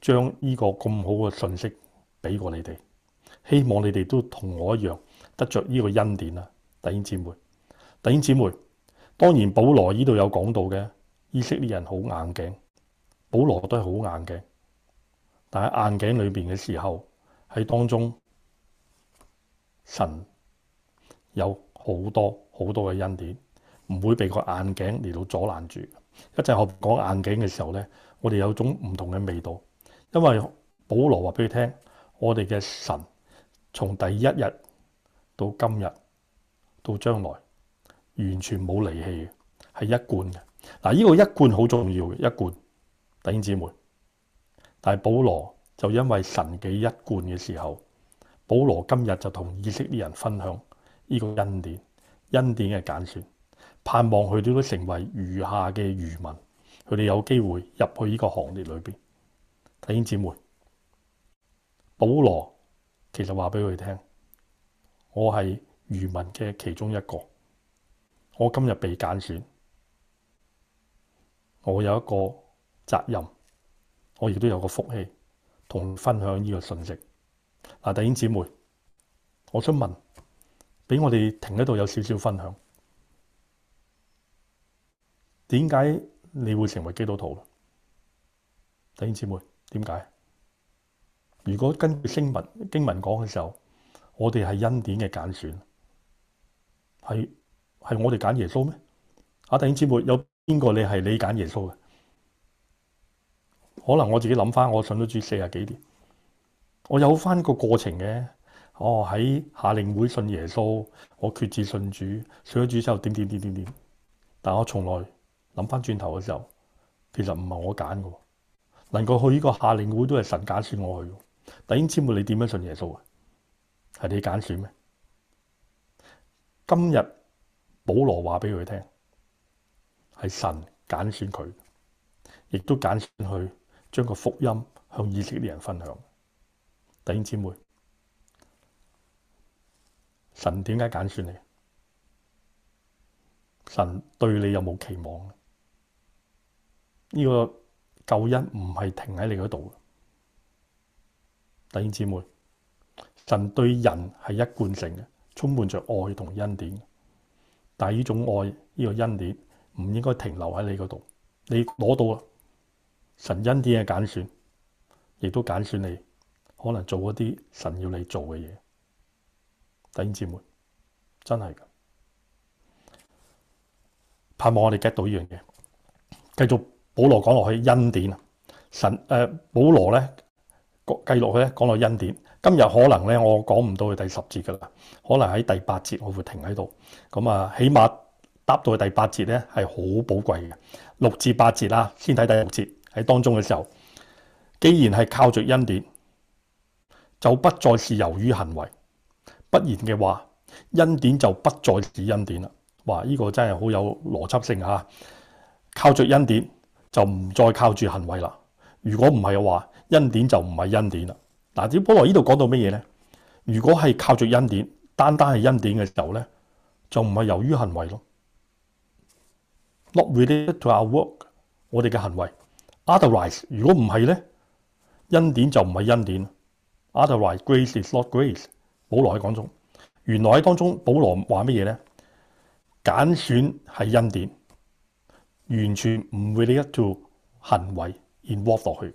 [SPEAKER 1] 將呢個咁好嘅信息俾過你哋。希望你哋都同我一樣得着呢個恩典啊！弟兄姊妹，弟兄姊妹，當然保羅呢度有講到嘅。以色列人好硬頸，保羅都係好硬頸。但喺硬頸裏邊嘅時候，喺當中神有好多好多嘅恩典，唔會俾個硬頸嚟到阻攔住。一陣我講硬頸嘅時候咧，我哋有種唔同嘅味道，因為保羅話俾佢聽，我哋嘅神從第一日到今日到將來完全冇離棄嘅，係一貫嘅。嗱，呢個一貫好重要嘅一貫，弟兄姊妹。但係保羅就因為神嘅一貫嘅時候，保羅今日就同以色列人分享呢個恩典，恩典嘅揀選，盼望佢哋都成為餘下嘅餘民，佢哋有機會入去呢個行列裏邊。弟兄姊妹，保羅其實話俾佢哋聽，我係餘民嘅其中一個，我今日被揀選。我有一個責任，我亦都有個福氣同分享呢個信息。嗱、啊，弟兄姐妹，我想問，俾我哋停喺度有少少分享。點解你會成為基督徒？弟兄姐妹，點解？如果根據聖文經文講嘅時候，我哋係恩典嘅揀選，選，係係我哋揀耶穌咩？啊，弟兄姐妹有。邊個？你係你揀耶穌嘅？可能我自己諗翻，我信咗主四十幾年，我有翻個過程嘅。我、哦、喺夏令會信耶穌，我決志信主，信咗主之後點點點點點。但我從來諗翻轉頭嘅時候，其實唔係我揀嘅。能夠去呢個夏令會都係神揀選我去。弟兄姊妹，你點樣信耶穌呀？係你揀選咩？今日保羅話俾佢聽。係神揀選佢，亦都揀選佢將個福音向以色列人分享。弟兄姊妹，神點解揀選你？神對你有冇期望？呢個救恩唔係停喺你嗰度。弟兄姊妹，神對人係一貫性嘅，充滿着愛同恩典。但係呢種愛，呢個恩典，唔應該停留喺你嗰度，你攞到啦。神恩典嘅揀選，亦都揀選你，可能做一啲神要你做嘅嘢。弟兄姊妹，真係嘅，盼望我哋 get 到依樣嘢。繼續，保羅講落去恩典啊！神誒，呃，保羅呢，繼續講落去恩典。今日可能呢，我講唔到去第十節㗎啦，可能喺第八節我會停喺度。咁啊，起碼。搭到嘅第八節咧，係好寶貴嘅六至八節啦，啊。先睇第六節，喺當中嘅時候，既然係靠著恩典，就不再是由於行為；不然嘅話，恩典就不再是恩典啦。哇！呢，這個真係好有邏輯性吓，啊，靠著恩典就唔再靠住行為啦。如果唔係嘅話，恩典就唔係恩典啦。嗱，只不過呢度講到乜嘢咧？如果係靠著恩典，單單係恩典嘅時候咧，就唔係由於行為咯。not related to our work，我哋嘅行為。Otherwise，如果唔係呢，恩典就唔係恩典。Otherwise，grace is not grace。保羅喺講中，原來喺當中，保羅話乜嘢呢？揀選係恩典，完全唔 related to 行為 in work 落去嘅，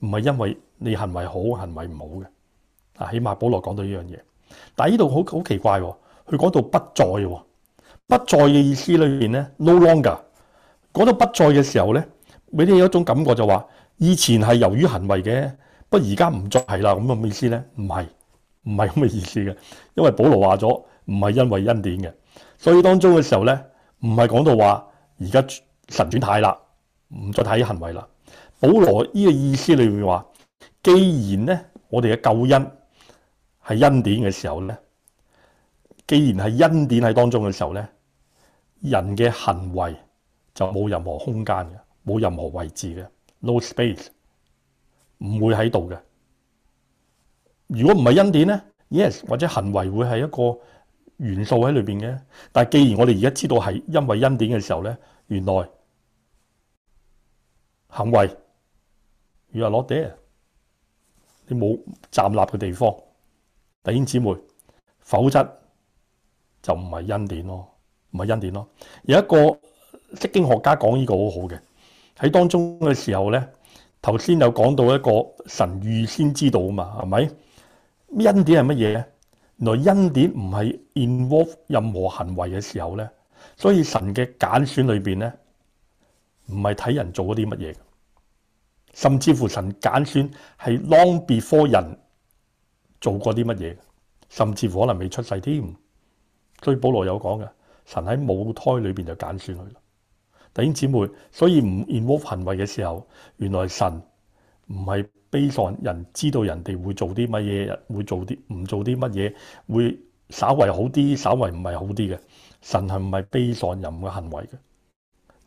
[SPEAKER 1] 唔係因為你行為好，行為唔好嘅。起碼保羅講到呢樣嘢。但係呢度好奇怪、哦，佢講到不在喎、哦。不在嘅意思裏面呢，呢 no longer 講到不在嘅時候咧，你都有一種感覺就話，以前係由於行為嘅，不而家唔再係啦咁嘅意思咧，唔係唔係咁嘅意思嘅，因為保羅話咗唔係因為恩典嘅，所以當中嘅時候咧，唔係講到話而家神轉態啦，唔再睇行為啦。保羅呢個意思裏面話，既然咧我哋嘅救恩係恩典嘅時候咧，既然係恩典喺當中嘅時候咧。人嘅行為就冇任何空間嘅，冇任何位置嘅，no space，唔會喺度嘅。如果唔係恩典呢？yes，或者行為會係一個元素喺裏面嘅。但既然我哋而家知道係因為恩典嘅時候呢，原來行為，you are not there，你冇站立嘅地方，弟兄姊妹，否則就唔係恩典咯。唔係恩典咯。有一個釋經學家講呢個好好嘅，喺當中嘅時候咧，頭先有講到一個神預先知道啊嘛，係咪？恩典係乜嘢？原來恩典唔係 involve 任何行為嘅時候咧，所以神嘅揀選裏邊咧，唔係睇人做咗啲乜嘢，甚至乎神揀選係 long before 人做過啲乜嘢，甚至乎可能未出世添。所以保羅，保羅有講嘅。神喺母胎裏邊就揀選佢啦。弟兄姊妹，所以唔 involve 行為嘅時候，原來神唔係悲喪人知道人哋會做啲乜嘢，會做啲唔做啲乜嘢，會稍為好啲，稍為唔係好啲嘅。神係唔係悲喪人嘅行為嘅。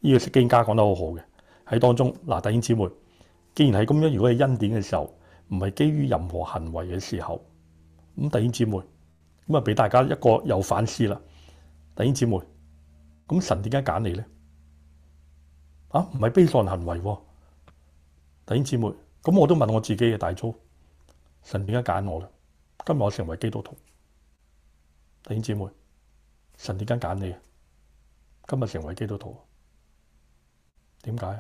[SPEAKER 1] 呢、這個聖經家講得好好嘅喺當中嗱。弟兄姊妹，既然係咁樣，如果係恩典嘅時候，唔係基於任何行為嘅時候，咁弟兄姊妹咁啊，俾大家一個有反思啦。弟兄姊妹，咁神點解揀你呢？啊，唔係悲喪行為喎。弟兄姊妹，咁我都問我自己嘅大租神點解揀我啦？今日我成為基督徒。弟兄姊妹，神點解揀你？今日成為基督徒，點解啊？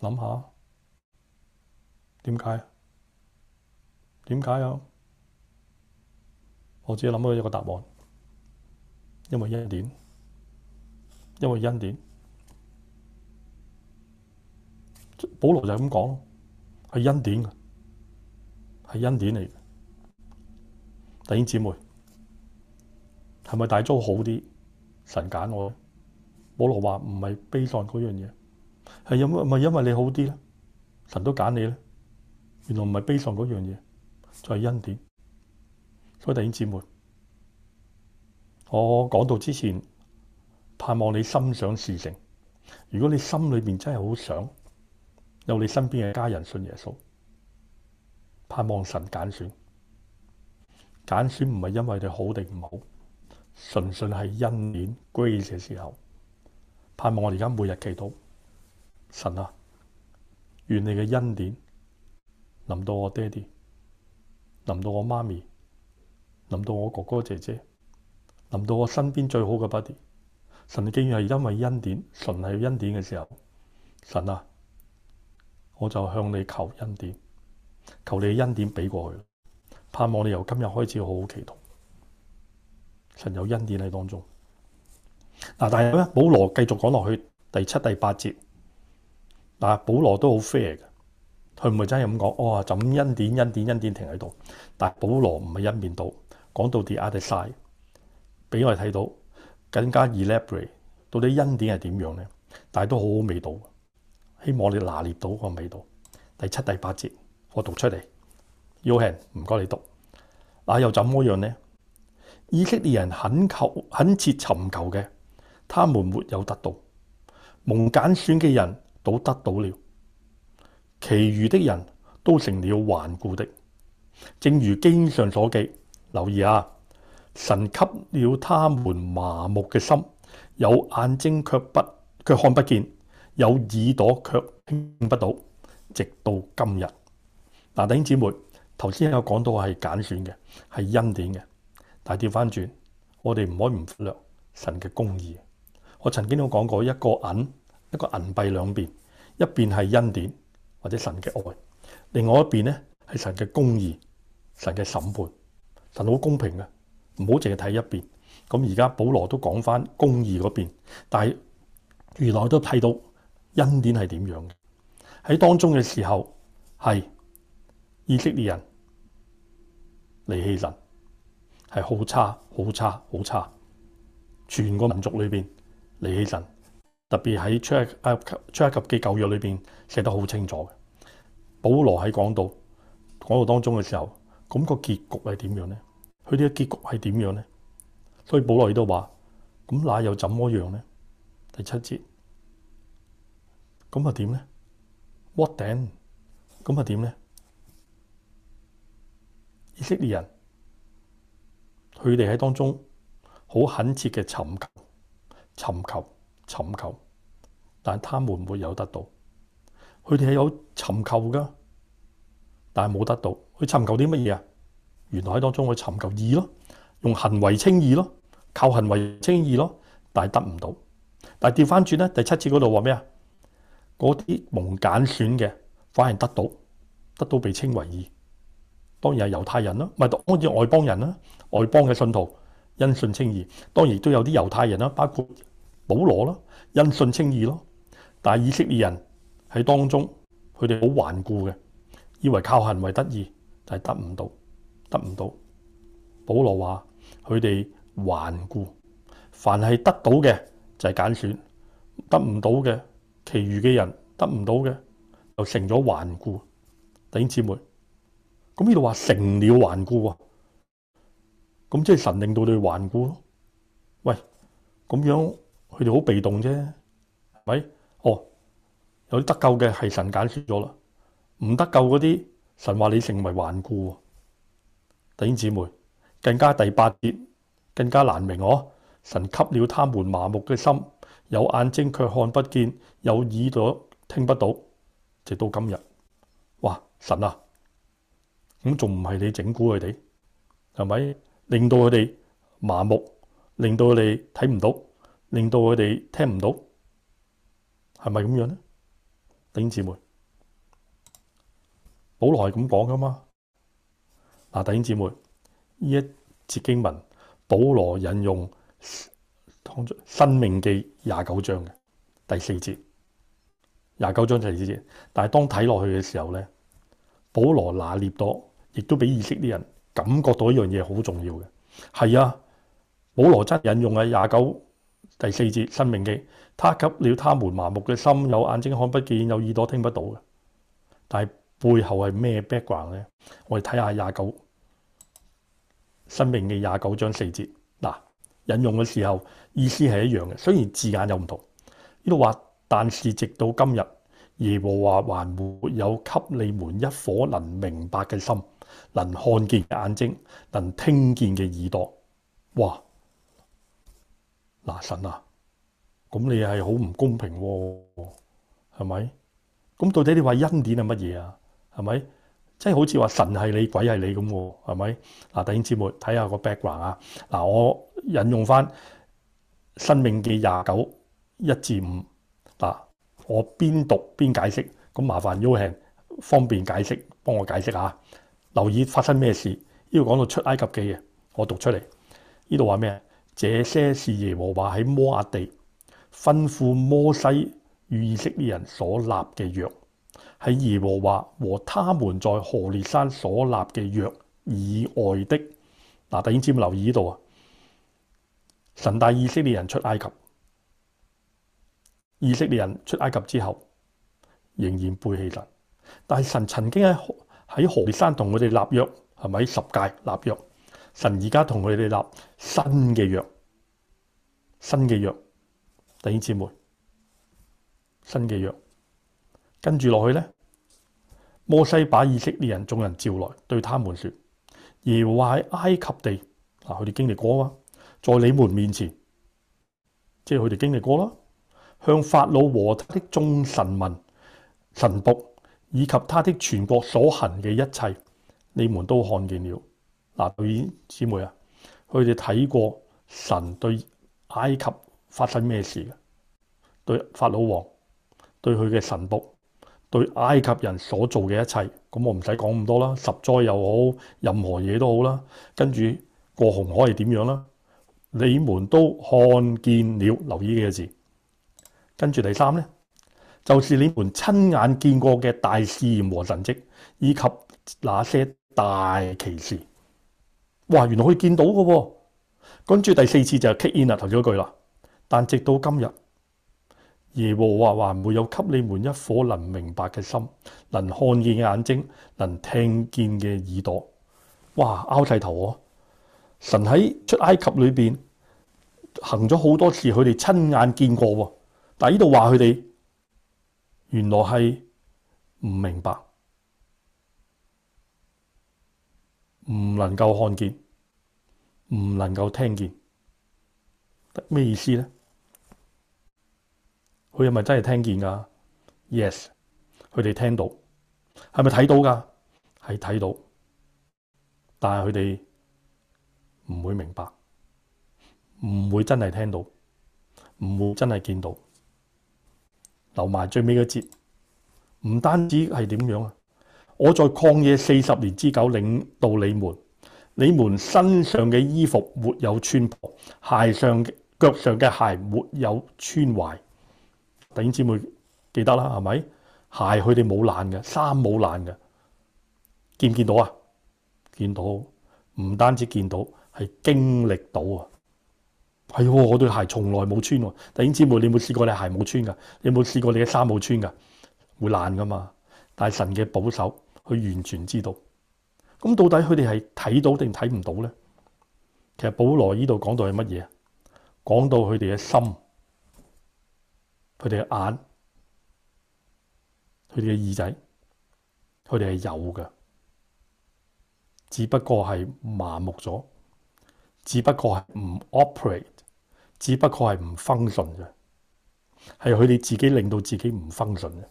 [SPEAKER 1] 諗下，點解啊？點解啊？我只諗到一個答案。因為恩典，因為恩典，保羅就咁講，係恩典嘅，係恩典嚟嘅。弟兄姊妹，係咪大家好啲？神揀我咧？保羅話唔係悲喪嗰樣嘢，係因咪因為你好啲咧？神都揀你咧？原來唔係悲喪嗰樣嘢，就係恩典。所以弟兄姊妹。我講到之前，盼望你心想事成。如果你心裏面真係好想有你身邊嘅家人信耶穌，盼望神揀選揀選唔係因為你好定唔好，純粹係恩典 Grace 嘅時候。盼望我而家每日祈禱，神啊，願你嘅恩典臨到我爹哋，臨到我媽咪，臨到我哥哥姐姐。臨到我身邊最好嘅 buddy，神你竟然係因為恩典，神係恩典嘅時候，神啊，我就向你求恩典，求你嘅恩典俾過去，盼望你由今日開始好好祈禱，神有恩典喺當中、啊、但係咧，保羅繼續講落去第七、第八節嗱，保、啊、羅都好 fair 嘅，佢唔會真係咁講哦。咁恩典？恩典？恩典？停喺度，但保羅唔係一面倒，講到 the a 俾我哋睇到更加 elaborate，到底恩典係點樣呢？但係都好好味道，希望你拿捏到嗰個味道。第七、第八節，我讀出嚟，約翰唔該你讀。那、啊、又怎麼樣呢？以色列人懇求、懇切尋求嘅，他們沒有得到；蒙揀選嘅人都得到了，其餘的人都成了頑固的。正如經上所記，留意啊！神給了他們麻木嘅心，有眼睛卻不卻看不見，有耳朵卻聽不到。直到今日，嗱，弟兄姊妹，頭先有講到係揀選嘅係恩典嘅，但係調翻轉，我哋唔可以唔忽略神嘅公義。我曾經都講過一個銀，一個銀幣兩邊，一邊係恩典或者神嘅愛，另外一邊呢係神嘅公義、神嘅審判。神好公平嘅。唔好淨係睇一邊，咁而家保羅都講返公義嗰邊，但係原來都睇到恩典係點樣嘅。喺當中嘅時候係以色列人離棄神，係好差、好差、好差。全個民族裏面，離棄神，特別喺出埃及、出埃及記舊約裏面寫得好清楚。保羅喺講到講到當中嘅時候，咁、那個結局係點樣呢？佢哋嘅結局係點樣呢？所以保羅都話：咁那又怎麼樣呢？第七節，咁又點呢？What then？咁又點呢？以色列人，佢哋喺當中好懇切嘅尋求、尋求、尋求，但係他們沒有得到。佢哋係有尋求噶，但係冇得到。佢尋求啲乜嘢啊？原來當中去尋求義咯，用行為稱義咯，靠行為稱義咯，但係得唔到。但係跌翻轉咧，第七節嗰度話咩啊？嗰啲蒙揀選嘅反而得到，得到被稱為義。當然係猶太人啦，唔係當然外邦人啦，外邦嘅信徒因信稱義。當然亦都有啲猶太人啦，包括保羅咯，因信稱義咯。但係以色列人喺當中，佢哋好頑固嘅，以為靠行為得義，但係得唔到。得唔到，保羅話佢哋頑固。凡係得到嘅就係揀選，得唔到嘅，其餘嘅人得唔到嘅，就成咗頑固。弟兄姊妹，咁呢度話成了頑固啊？咁即係神令到你哋頑固咯？喂，咁樣佢哋好被動啫，係咪？哦，有啲得救嘅係神揀選咗啦，唔得救嗰啲，神話你成為頑固。弟兄姊妹，更加第八節更加難明哦。神給了他們麻木嘅心，有眼睛卻看不見，有耳朵聽不到，直到今日。哇！神啊，咁仲唔係你整蠱佢哋？係咪令到佢哋麻木，令到佢哋睇唔到，令到佢哋聽唔到？係咪咁樣咧？弟兄姊妹，保羅係咁講㗎嘛？嗱，弟兄姊妹，依一節經文，保羅引用《申命記》廿九章第四節，廿九章第四節。但係當睇落去嘅時候呢，保羅拿捏到，亦都俾意識啲人感覺到一樣嘢好重要嘅。係啊，保羅真引用啊廿九第四節《申命記》，他給了他們麻木嘅心，有眼睛看不見，有耳朵聽不到嘅。但係背後係咩 background 呢？我哋睇下廿九。申命記廿九章四節，嗱引用嘅時候意思係一樣嘅，雖然字眼有唔同。呢度話，但是直到今日，耶和華、啊、還沒有給你們一顆能明白嘅心，能看見嘅眼睛，能聽見嘅耳朵。哇！嗱神啊，咁你係好唔公平喎、啊，係咪？咁到底你話恩典係乜嘢啊？係咪？即係好似話神係你鬼係你咁喎，係咪？嗱，弟兄姊妹睇下個 background 啊。嗱，我引用翻《申命記廿九一至五》嗱，我邊讀邊解釋。咁麻煩 Yohan 方便解釋，幫我解釋下。留意發生咩事？呢度講到出埃及記啊，我讀出嚟。呢度話咩？這些是耶和華喺摩押地吩咐摩西與以色列人所立嘅約。喺耶和華和他們在何烈山所立嘅約以外的，嗱、啊，弟兄姊妹留意呢度啊！神帶以色列人出埃及，以色列人出埃及之後，仍然背棄神，但係神曾經喺喺何烈山同我哋立約，係咪十誡立約？神而家同我哋立新嘅約，新嘅約，弟兄姊妹，新嘅約。跟住落去呢，摩西把以色列人眾人召來，對他們說：耶華喺埃及地嗱，佢、啊、哋經歷過喎、啊，在你們面前，即係佢哋經歷過啦、啊。向法老和他的眾臣民、臣僕以及他的全國所行嘅一切，你們都看見了嗱。啊、姐妹啊，佢哋睇過神對埃及發生咩事嘅？對法老王，對佢嘅臣僕。對埃及人所做嘅一切，咁我唔使講咁多啦，十災又好，任何嘢都好啦，跟住過紅海係點樣啦？你們都看見了，留意呢個字。跟住第三呢，就是你們親眼見過嘅大試驗和神迹，以及那些大奇事。哇，原來可以見到嘅、啊。跟住第四次就係喺今 e 頭先嗰句啦，但直到今日。耶和華還沒有給你們一顆能明白嘅心，能看見嘅眼睛，能聽見嘅耳朵。哇！拗曬頭啊！神喺出埃及裏面行咗好多次，佢哋親眼見過喎。但係呢度話佢哋原來係唔明白，唔能夠看見，唔能夠聽見，咩意思呢？佢係咪真係聽見㗎？Yes，佢哋聽到係咪睇到㗎？係睇到，但係佢哋唔會明白，唔會真係聽到，唔會真係見到。留埋最尾一節，唔單止係點樣啊？我在曠野四十年之久，領導你們，你們身上嘅衣服沒有穿破，鞋上腳上嘅鞋沒有穿壞。弟兄姊妹記得啦，係咪鞋佢哋冇爛嘅，衫冇爛嘅，見唔見到啊？見到，唔單止見到，係經歷到啊！係、哎、喎，我對鞋從來冇穿喎。弟兄姊妹，你有冇試過你鞋冇穿嘅？你有冇試過你嘅衫冇穿嘅？會爛噶嘛？但係神嘅保守，佢完全知道。咁到底佢哋係睇到定睇唔到咧？其實保羅呢度講到係乜嘢？講到佢哋嘅心。佢哋嘅眼，佢哋嘅耳仔，佢哋係有嘅，只不過係麻木咗，只不過係唔 operate，只不過係唔 function 嘅，係佢哋自己令到自己唔 function 嘅，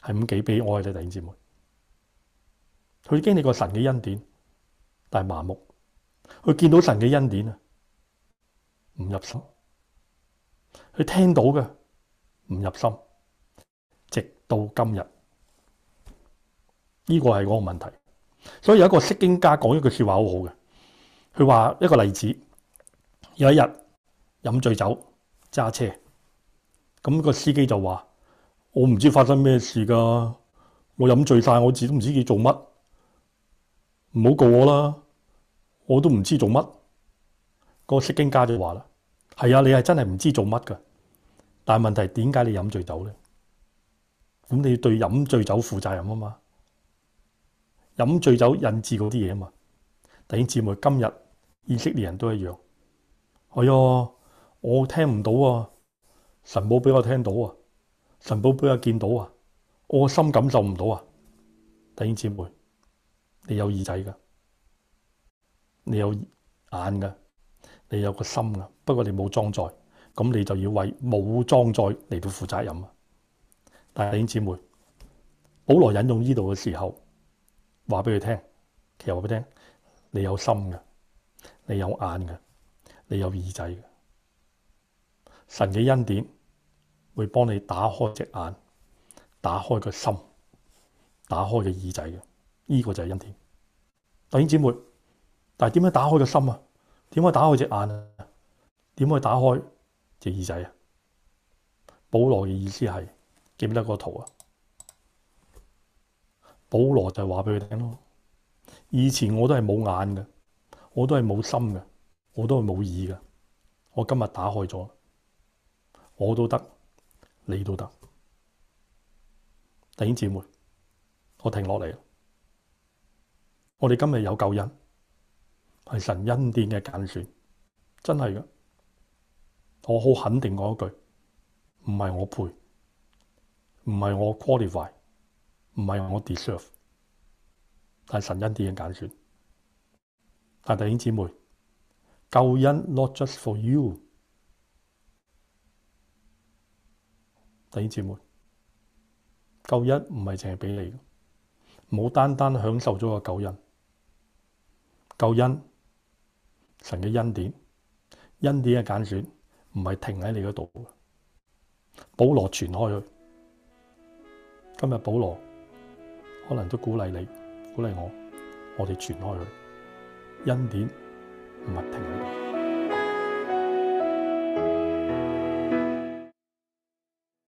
[SPEAKER 1] 係咁幾悲哀咧！這的弟兄姊妹，佢經歷過神嘅恩典，但係麻木，佢見到神嘅恩典啊，唔入心，佢聽到嘅。唔入心，直到今日，呢個係嗰個問題。所以有一個釋經家講一句說話好好嘅，佢話一個例子，有一日飲醉酒揸車，咁個司機就話：我唔知發生咩事噶，我飲醉晒，我自己都唔知佢做乜，唔好告我啦，我都唔知做乜。那個釋經家就話啦：係啊，你係真係唔知做乜噶。但問題點解你飲醉酒呢？咁你要對飲醉酒負責任啊嘛！飲醉酒引致嗰啲嘢啊嘛！弟兄姊妹，今日以色列人都一樣。係、哎、哦，我聽唔到啊！神冇畀我聽到啊！神冇畀我見到啊！我個心感受唔到啊！弟兄姊妹，你有耳仔噶，你有眼噶，你有個心噶，不過你冇裝載。咁你就要為武裝再嚟到負責任啊！弟兄姊妹，保羅引用呢度嘅時候話畀佢聽，其實話俾你聽，你有心嘅，你有眼嘅，你有耳仔嘅。神嘅恩典會幫你打開隻眼，打開個心，打開個耳仔嘅。呢、這個就係恩典。弟兄姊妹，但係點樣打開個心啊？點樣打開隻眼啊？點樣打開、啊？隻耳仔啊！保羅嘅意思係，記唔記得個圖啊？保羅就話畀佢聽咯。以前我都係冇眼嘅，我都係冇心嘅，我都係冇耳嘅。我今日打開咗，我都得，你都得。弟兄姊妹，我停落嚟。我哋今日有救恩，係神恩典嘅揀選，真係噶。我好肯定嗰一句，唔係我配，唔係我 qualify，唔係我 deserve，但神恩典嘅揀選。但弟兄姐妹，救恩 not just for you，弟兄姐妹，救恩唔係淨係畀你，冇單單享受咗個救恩。救恩，神嘅恩典，恩典嘅揀選。唔係停喺你嗰度嘅，保羅傳開去。今日保羅可能都鼓勵你，鼓勵我，我哋傳開去。恩典唔係停喺度。